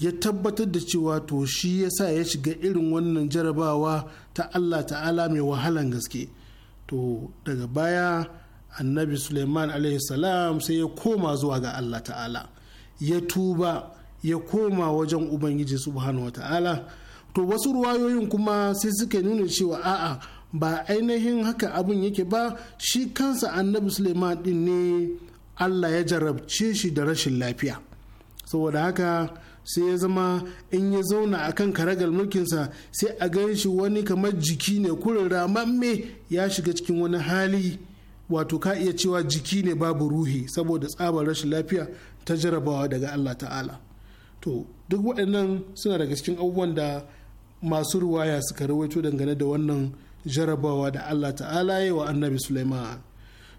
ya tabbatar da cewa to shi ya sa ya shiga irin wannan jarabawa ta Allah ta'ala mai wahalan gaske to daga baya annabi suleiman salam sai ya koma zuwa ga Allah ta'ala ya tuba ya koma wajen ubangiji subhanahu ta'ala to wasu ruwayoyin kuma sai suka nuna cewa a'a ba ainihin haka abin yake ba shi kansa annabi suleiman din ne Allah ya jarabce shi da rashin lafiya saboda haka sai ya zama in ya zauna a kan karagar mulkinsa sai a gan shi wani kamar jiki ne kurin ramamme ya shiga cikin wani hali wato ka iya cewa jiki ne babu ruhi saboda tsabar rashin lafiya ta jarabawa daga Allah ta'ala to duk waɗannan suna daga cikin abubuwan da masu ruwaya suka rawaito dangane da wannan jarabawa da Allah ta'ala ya wa annabi Sulaiman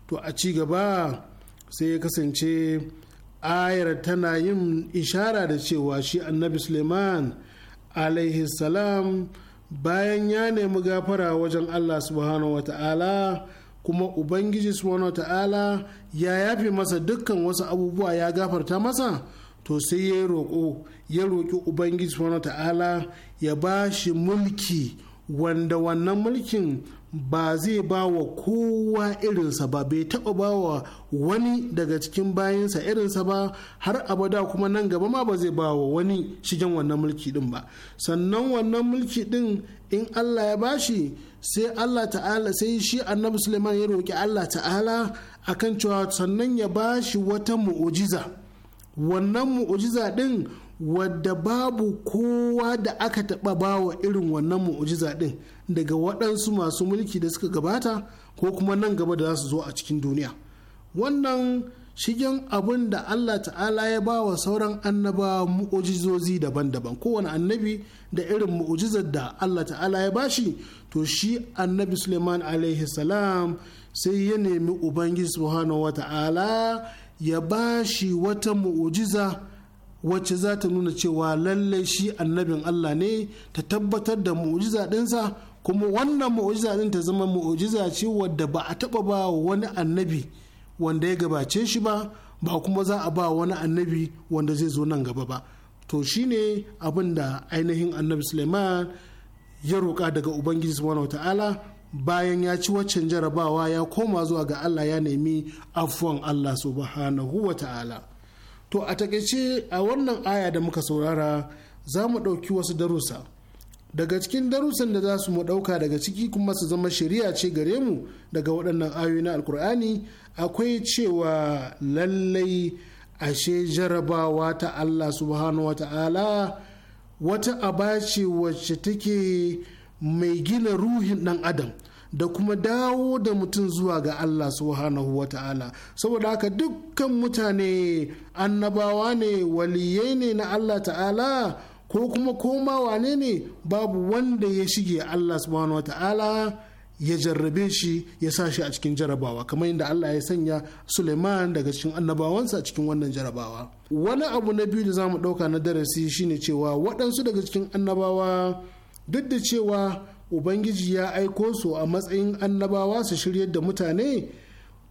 to a ci gaba sai ya kasance ayar tana yin ishara da cewa shi annabi suleiman alaihi salam bayan ya nemi gafara wajen allah subhanahu wata'ala kuma ubangiji subhanahu wata'ala ya yafi masa dukkan wasu abubuwa ya gafarta masa to sai ya roƙo ya roƙi ubangiji subhanahu wata'ala ya ba shi mulki wanda wannan mulkin ba zai ba wa kowa irinsa ba bai taɓa ba wa wani daga cikin bayansa irinsa ba har abada kuma nan gaba ma ba zai ba wa wani shigen wannan mulki din ba sannan wannan mulki din in allah ya bashi sai allah ta'ala sai shi annabi suleiman ya roƙi allah ta'ala akan cewa sannan ya bashi wata mu'ujiza wannan mu'ujiza din wadda babu kowa da aka taɓa bawa irin wannan mu'ujiza ɗin daga waɗansu masu mulki da suka gabata ko kuma nan gaba da za su zo a cikin duniya wannan shigen abin da Allah ta'ala ya ba wa sauran annaba mu'ujizozi daban-daban kowane annabi da irin mu'ujizar da Allah ta'ala ya bashi to shi annabi suleiman alaihi salam sai ya nemi ubangiji subhanahu wa ta'ala ya bashi wata mu'ujiza wacce za ta nuna cewa lallai shi annabin Allah ne ta tabbatar da mu'ujiza ɗinsa kuma wannan mu'ujiza ɗin ta zama mu'ujiza ce wadda ba a taɓa ba wani annabi wanda ya gabace shi ba ba kuma za a ba wani annabi wanda zai zo nan gaba ba to shine abin da ainihin annabi suleiman ya roƙa daga ubangiji subhanahu ta'ala bayan ya ci waccan jarabawa ya koma zuwa ga allah ya nemi afuwan allah subhanahu wa ta'ala to a takaice a wannan aya da muka saurara za mu ɗauki wasu darusa, daga cikin darusan da za su mu ɗauka daga ciki kuma su zama shari'a ce gare mu daga waɗannan ayoyi na alkur'ani akwai cewa lallai ashe jarabawa ta allah subhanahu wata'ala wata aba ce wacce take mai gina ruhin ɗan adam da kuma dawo da mutum zuwa ga Allah subhanahu wa ta'ala saboda haka dukkan mutane annabawa ne waliyai ne na Allah ta'ala ko kuma koma wane ne babu wanda ya shige Allah subhanahu wa ta'ala ya jarrabe shi ya sa shi a cikin jarabawa kamar inda Allah ya sanya Suleiman daga cikin annabawansa a cikin wannan jarabawa wani abu na biyu da za mu ɗauka na darasi shine cewa waɗansu daga cikin annabawa duk da cewa ubangiji ya aiko su a matsayin annabawa su shiryar da mutane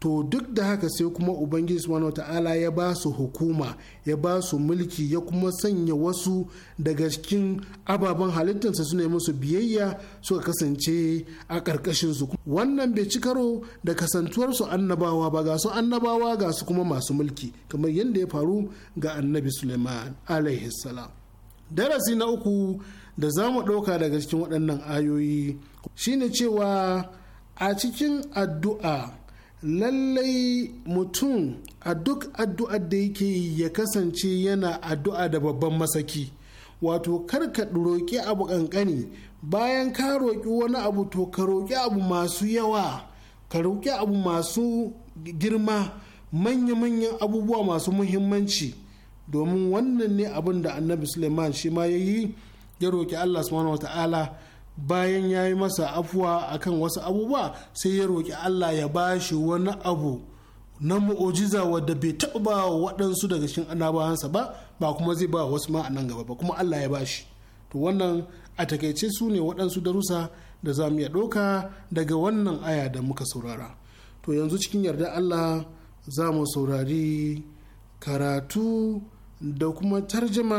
to duk da haka sai kuma ubangiji subhanahu ta'ala ya ba su hukuma ya ba su mulki ya kuma sanya wasu daga cikin ababen halittarsa su ne musu biyayya suka kasance a ƙarƙashin su wannan bai ci karo da kasantuwar su annabawa ba ga su annabawa ga su kuma masu mulki kamar yadda ya faru ga annabi suleiman alaihi salam darasi na uku da za mu ɗauka daga cikin waɗannan ayoyi shine cewa a cikin addu'a lallai mutum a duk addu'ar da yake ya kasance yana addu'a da babban masaki wato karka roƙi abu ƙanƙani bayan ka roƙi wani abu to ka roƙi abu masu yawa ka roƙi abu masu girma manya-manyan abubuwa masu muhimmanci domin wannan ne abin da annabi suleiman shi ma ya yi ya roki Allah subhanahu wata'ala bayan ya yi masa afuwa akan wasu abubuwa sai ya roki Allah ya ba shi wani abu na mu'ujiza wadda bai taɓa ba waɗansu daga cikin annabawansa ba ba kuma zai ba wasu ma a nan gaba ba kuma Allah ya ba shi. to wannan a takaice su ne waɗansu darussa da za mu iya ɗauka daga wannan aya da muka saurara to yanzu cikin yarda Allah za mu saurari karatu da kuma tarjama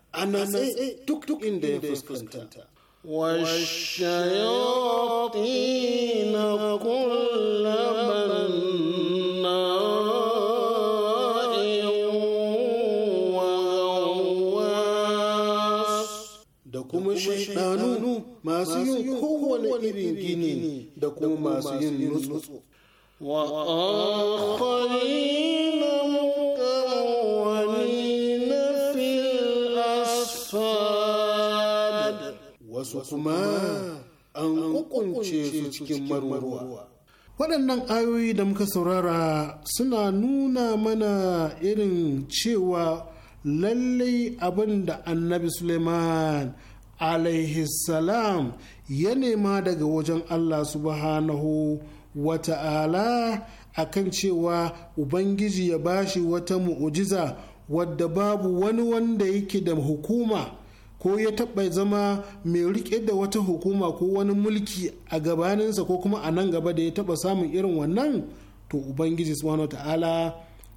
a natse duk inda ya fuskanta والشياطين كل بناء وغواص da kuma shaidanu masu da kuma masu yin nutsu su kuma an kukunce su cikin maruwa. Waɗannan ayoyi da muka saurara suna nuna mana irin cewa lallai abin da annabi Suleiman salam ya nema daga wajen Allah subhanahu wa ta'ala a kan cewa Ubangiji ya bashi wata mu'ujiza wadda babu wani wanda yake da hukuma. ko ya taɓa zama mai riƙe da wata hukuma ko wani mulki a gabaninsa ko kuma a nan gaba da ya taɓa samun irin wannan to ubangiji subhanahu ta'ala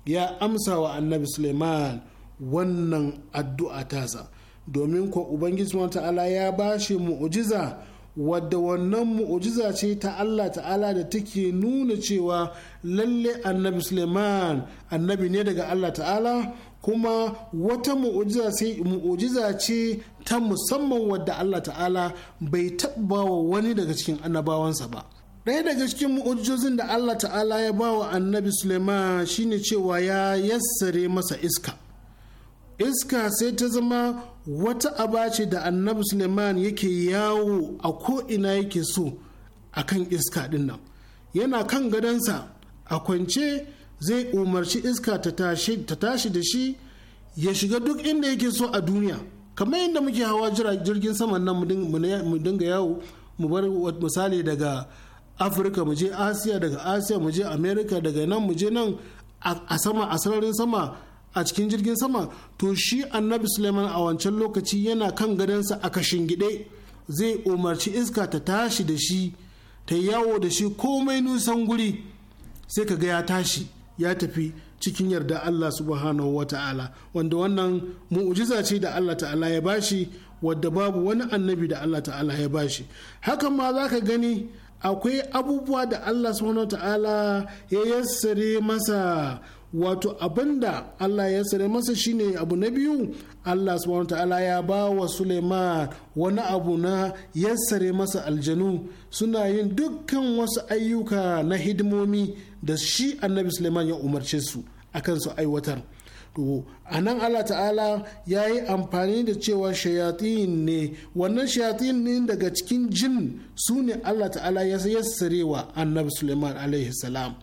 ya amsa wa annabi suleiman wannan addu'a tasa domin ko ubangiji subhanahu ta'ala ya bashi mu'ujiza wadda wannan mu'ujiza ce ta Allah ta'ala da take nuna cewa lalle annabi Suleiman annabi ne daga Allah ta'ala kuma wata mu'ujiza ce ta musamman wadda Allah ta'ala bai taɓa wa wani daga cikin annabawansa ba ɗaya daga cikin mu'ujizozin da Allah ta'ala ya ba wa annabi Suleiman shine cewa ya yassare masa iska iska sai ta zama wata aba ce da annabi Suleiman yake yawo a ko'ina yake so a kan iska ɗin nan yana kan gadonsa a kwance zai umarci iska ta tashi da shi ya shiga duk inda yake so a duniya kamar yadda muke hawa jirgin saman nan mu dinga yawo mu bar misali daga afirka mu je asiya daga asiya mu je america daga nan mu je nan a sama a sararin sama a cikin jirgin sama to shi annabi suleiman a wancan lokaci yana kan gadansa a kashin gide zai umarci iska ta tashi da shi ta yawo da shi komai nusan guri sai ka ga ya tashi ya tafi cikin yarda Allah subhanahu wa ta'ala wanda wannan mu'ujiza ce da Allah ta'ala ya bashi wadda babu wani annabi da Allah ta'ala ya bashi hakan ma za ka gani akwai abubuwa da Allah subhanahu wa ta'ala ya yassare masa wato abinda Allah ya sare masa shine abu na biyu Allah subhanahu ta'ala ya ba wa Suleiman wani abu na ya sare masa aljanu suna yin dukkan wasu ayyuka na hidimomi da shi annabi Suleiman ya umarce su akan su aiwatar to a nan Allah ta'ala ya yi amfani da cewa shayatin ne wannan shayatin ne daga cikin jin su ne Allah ta'ala ya sarewa annabi Suleiman alaihi salam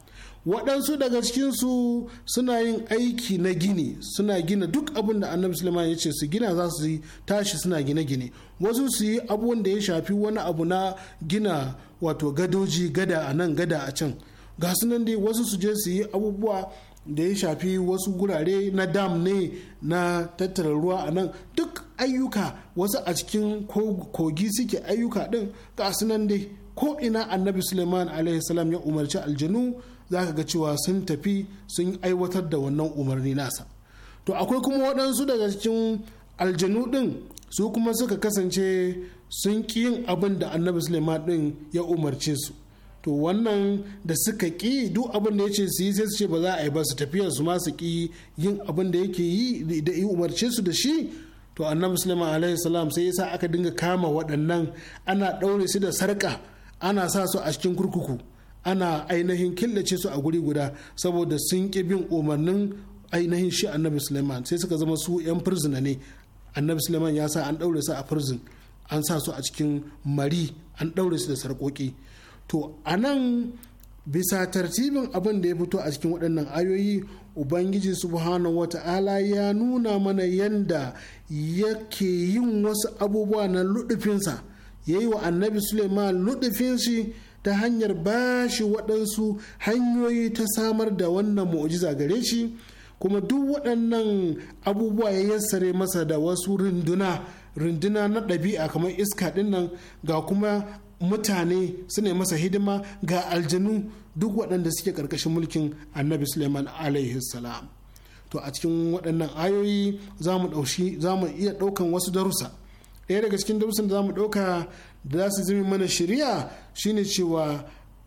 waɗansu daga cikinsu suna yin aiki na gini suna gina duk abin da annabi suleiman ya ce su gina za su yi tashi suna gine-gine wasu su yi abubuwan da ya shafi wani abu na gina wato gadoji gada a nan gada a can ga su nan dai wasu su je su yi abubuwa da ya shafi wasu gurare na dam ne na tattara ruwa a nan duk ayyuka wasu a cikin kogi suke ayyuka din ga su nan dai ko ina annabi suleiman alaihi ya umarci aljanu za ka ga cewa sun tafi sun aiwatar da wannan umarni nasa to akwai kuma waɗansu daga cikin aljanu ɗin su kuma suka kasance sun ƙi yin abin da annabi suleiman ɗin ya umarce su to wannan da suka ƙi duk abin da ya ce su yi sai su ce ba za a yi ba su tafiya su ma su ƙi yin abin da yake yi da ya umarce su da shi to annabi suleiman alaihi salam sai yasa aka dinga kama waɗannan ana ɗaure su da sarƙa ana sa su a cikin kurkuku ana ainihin killace su a guri guda saboda sun ƙi bin umarnin ainihin shi annabi suleiman sai suka zama su 'yan firzina ne annabi suleiman ya sa an ɗaure su a firzin an sa su a cikin mari an ɗaure su da sarƙoƙi to a nan bisa tartibin abin da ya fito a cikin waɗannan ayoyi ubangiji subhanahu ta'ala ya nuna mana yanda yake yin wasu abubuwa na luɗufinsa ya yi wa annabi suleiman luɗufin ta hanyar ba shi waɗansu hanyoyi ta samar da wannan mu'ujiza gare shi kuma duk waɗannan abubuwa ya yassare masa da wasu runduna runduna na ɗabi'a kamar iska ɗinnan ga kuma mutane suna masa hidima ga aljanu duk waɗanda suke ƙarƙashin mulkin annabi suleiman alayhi salam to a cikin waɗannan ayoyi za mu iya ɗaukan wasu darusa ɗaya daga cikin darussan da za mu ɗauka da za su zama mana shari'a shine cewa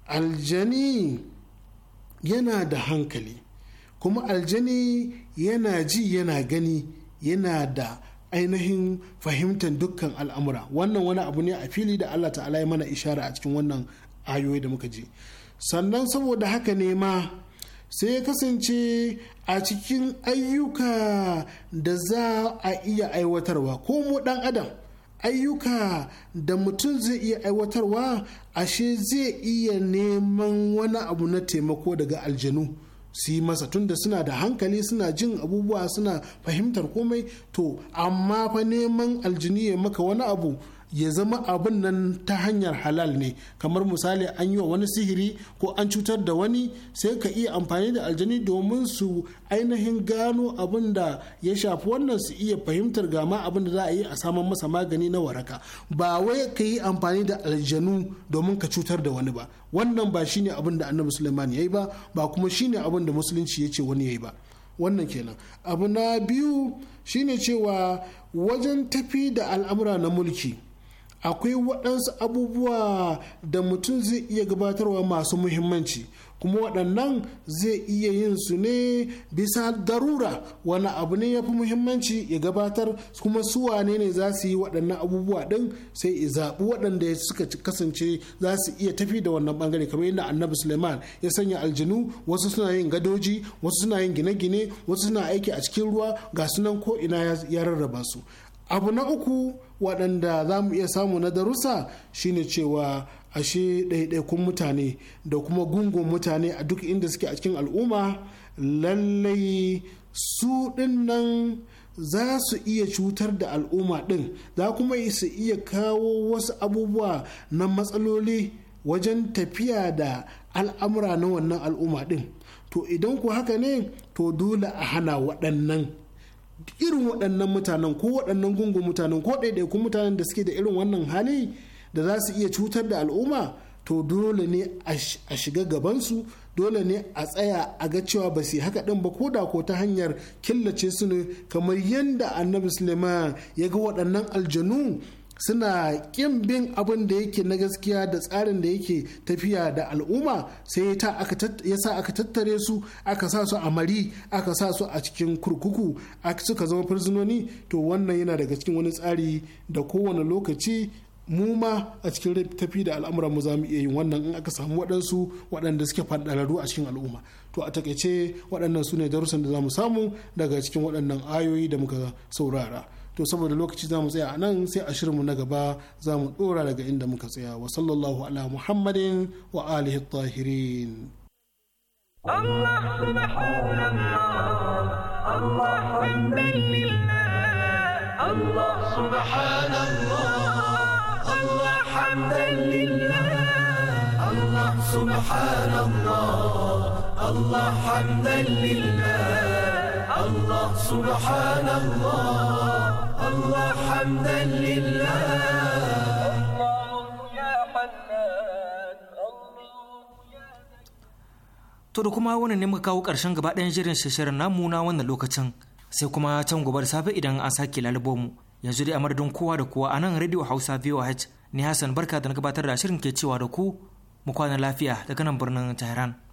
aljani yana da hankali kuma aljani yana ji yana gani yana da ainihin fahimtar dukkan al'amura wannan wani abu ne a fili da allah ta'ala ya mana ishara a cikin wannan ayoyi da muka ji sannan saboda haka ne ma sai ya kasance a cikin ayyuka da za a iya aiwatarwa ko mu dan adam ayyuka da mutum zai iya aiwatarwa ashe zai iya neman wani abu na taimako daga aljanu su yi masa tunda suna da hankali suna jin abubuwa suna fahimtar komai to amma fa neman aljini ya maka wani abu ya zama abin nan ta hanyar halal ne kamar misali an yi wa wani sihiri ko an cutar da wani sai ka iya amfani da aljani domin su ainihin gano abin da ya shafi wannan su iya fahimtar gama abin da za a yi a saman masa magani na waraka ba wai ka yi amfani da aljanu domin ka cutar da wani ba wannan ba shine abin da annabi suleiman ya yi ba ba kuma shine abin da musulunci ya ce wani ya yi ba wannan kenan abu na biyu shine cewa wajen tafi da al'amura na mulki akwai waɗansu abubuwa da mutum zai iya gabatarwa masu muhimmanci kuma waɗannan zai iya yin su ne bisa darura wani abu ne ya fi muhimmanci ya gabatar kuma su wane ne za su yi waɗannan abubuwa ɗin sai ya zaɓi waɗanda suka kasance za su iya tafi da wannan ɓangare kamar yadda annabi suleiman ya sanya aljinu wasu suna yin gadoji wasu suna yin gine-gine wasu suna aiki a cikin ruwa ga sunan ko ina ya rarraba su abu na uku waɗanda za mu iya samu na darussa shine cewa ashe ɗaiɗaikun mutane da kuma gungun mutane a duk inda suke a cikin al'umma lallai su ɗinnan za su iya cutar da al'umma ɗin za kuma su iya kawo wasu abubuwa na matsaloli wajen tafiya da al'amura na wannan al'umma ɗin to idan ku haka ne to dole a hana waɗannan irin waɗannan mutanen ko waɗannan gungun mutanen ko ɗaiɗaikun mutanen da suke da irin wannan hali da za su iya cutar da al'umma to dole ne a shiga gabansu dole ne a tsaya a ga cewa ba su haka ɗin ba ko da ko ta hanyar killace su ne kamar yadda annabi suleiman ya ga waɗannan aljanu suna ƙin bin abin da yake na gaskiya da tsarin da yake tafiya da al'umma sai ya sa aka tattare su aka sa su a mari aka sa su a cikin kurkuku suka zama firzinoni to wannan yana daga cikin wani tsari da kowane lokaci mu ma a cikin tafi da al'amuran mu zamu iya yin wannan in aka samu waɗansu waɗanda suke faɗararru a cikin al'umma to a takaice waɗannan su ne darussan da zamu samu daga cikin waɗannan ayoyi da muka saurara to saboda lokaci za mu tsaya a nan sai a shirinmu na gaba za mu dora daga inda muka tsaya wa sallallahu ala muhammadin wa alihi tahirin Allah subhanallah Allah subhanallah الله حمدا لله To da kuma wannan ne muka kawo ƙarshen gaba ɗayan jirin shirin namu na wannan lokacin sai kuma can gobe da safe idan an sake lalubo mu yanzu dai a madadin kowa da kowa a nan radio hausa voh ne hassan barka da na gabatar da shirin ke cewa da ku mu kwana lafiya daga nan birnin tehran